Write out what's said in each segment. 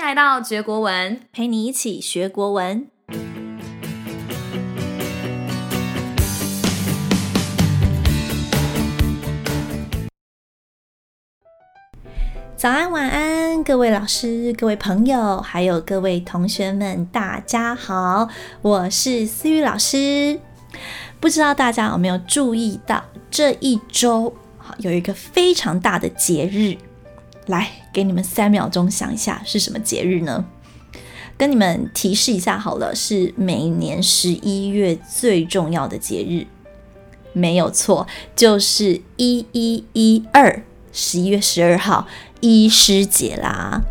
來到絕國文，陪你一起學國文。早安晚安，各位老師、各位朋友，還有各位同學們，大家好，我是思予老師。不知道大家有沒有注意到，這一周有一個非常大的節日。來，給你們三秒鐘想一下是什麼節日呢？跟你們提示一下好了，是每年十一月最重要的節日，沒有錯，就是一一一二，十一月十二號，醫師節啦。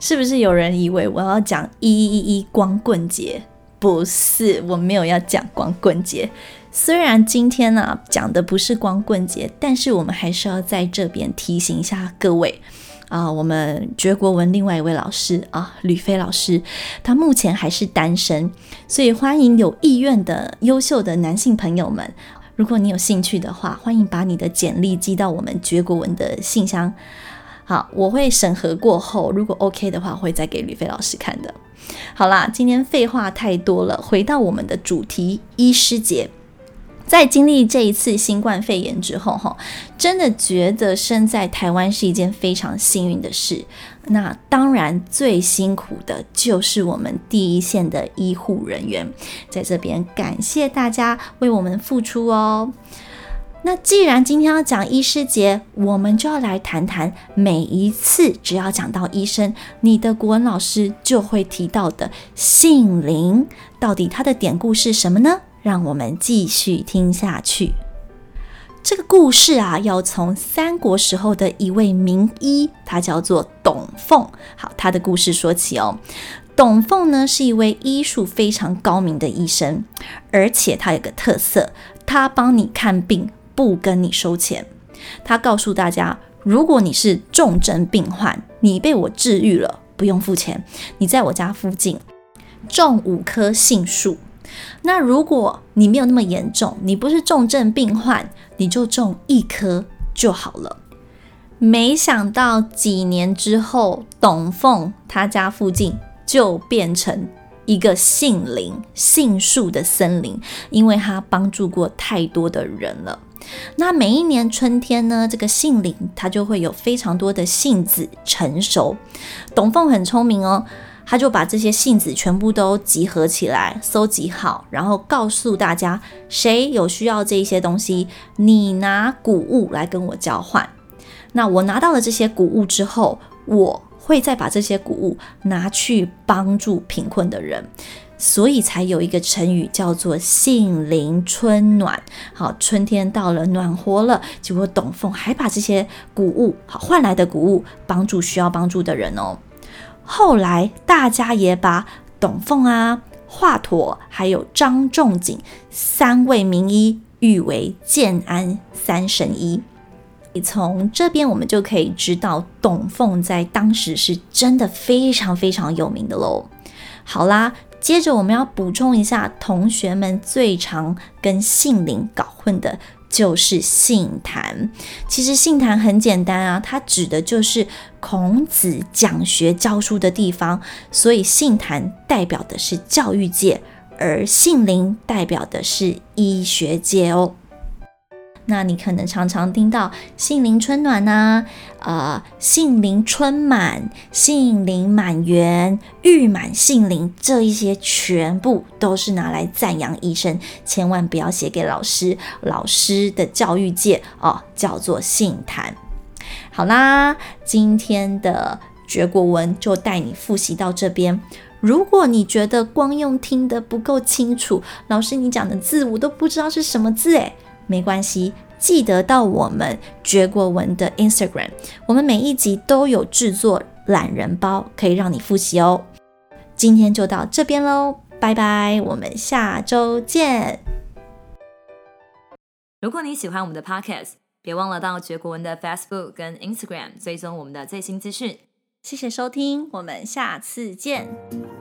是不是有人以為我要講一一一光棍節？不是，我沒有要講光棍節。雖然今天呢、啊、講的不是光棍節，但是我們還是要在這邊提醒一下各位，啊、呃，我們覺國文另外一位老師啊、呃，呂飛老師，他目前還是單身，所以歡迎有意願的優秀的男性朋友們，如果你有興趣的話，歡迎把你的簡歷寄到我們覺國文的信箱，好、啊，我會審核過後，如果 OK 的話，會再給呂飛老師看的。好啦，今天廢話太多了，回到我們的主題，醫師節。在經歷這一次新冠肺炎之後，哈，真的覺得身在台灣是一件非常幸運的事。那當然，最辛苦的就是我們第一線的醫護人員，在這邊感謝大家為我們付出哦。那既然今天要講醫師節，我們就要來談談每一次只要講到醫生，你的國文老師就會提到的杏林，到底它的典故是什麼呢？讓我們繼續聽下去。這個故事啊，要從三國時候的一位名醫，他叫做董奉。好，他的故事說起哦。董奉呢，是一位醫術非常高明的醫生，而且他有個特色，他幫你看病不跟你收錢。他告訴大家，如果你是重症病患，你被我治癒了，不用付錢。你在我家附近種五棵杏樹。那如果你沒有那麼嚴重，你不是重症病患，你就種一棵就好了。沒想到幾年之後，董奉他家附近就變成一個杏林、杏樹的森林，因為他幫助過太多的人了。那每一年春天呢，這個杏林它就會有非常多的杏子成熟。董奉很聰明哦。他就把這些杏子全部都集合起來，收集好，然後告訴大家誰有需要這一些東西，你拿谷物來跟我交換。那我拿到了這些谷物之後，我會再把這些谷物拿去幫助貧困的人，所以才有一個成語叫做“杏林春暖”。好，春天到了，暖和了，結果董奉還把這些谷物好，換來的谷物幫助需要幫助的人哦。後來，大家也把董奉啊、華佗還有張仲景三位名醫譽為建安三神醫。你從這邊我們就可以知道，董奉在當時是真的非常非常有名的嘍。好啦，接着我們要補充一下，同學們最常跟杏林搞混的。就是杏壇，其實杏壇很簡單啊，它指的就是孔子講學教書的地方，所以杏壇代表的是教育界，而杏林代表的是醫學界哦。那你可能常常聽到杏林春暖吶、啊，呃，杏林春滿，杏林滿園，譽滿杏林，這一些全部都是拿來讚揚醫生，千萬不要寫給老師，老師的教育界哦，叫做杏壇。好啦，今天的絕國文就帶你復習到這邊。如果你覺得光用聽得不夠清楚，老師你講的字我都不知道是什麼字誒沒關係，記得到我們絕國文的 Instagram，我們每一集都有製作懶人包，可以讓你複習哦。今天就到這邊嘍，拜拜，我們下週見。如果你喜歡我們的 Podcast，別忘了到絕國文的 Facebook 跟 Instagram 追蹤我們的最新資訊。謝謝收聽，我們下次見。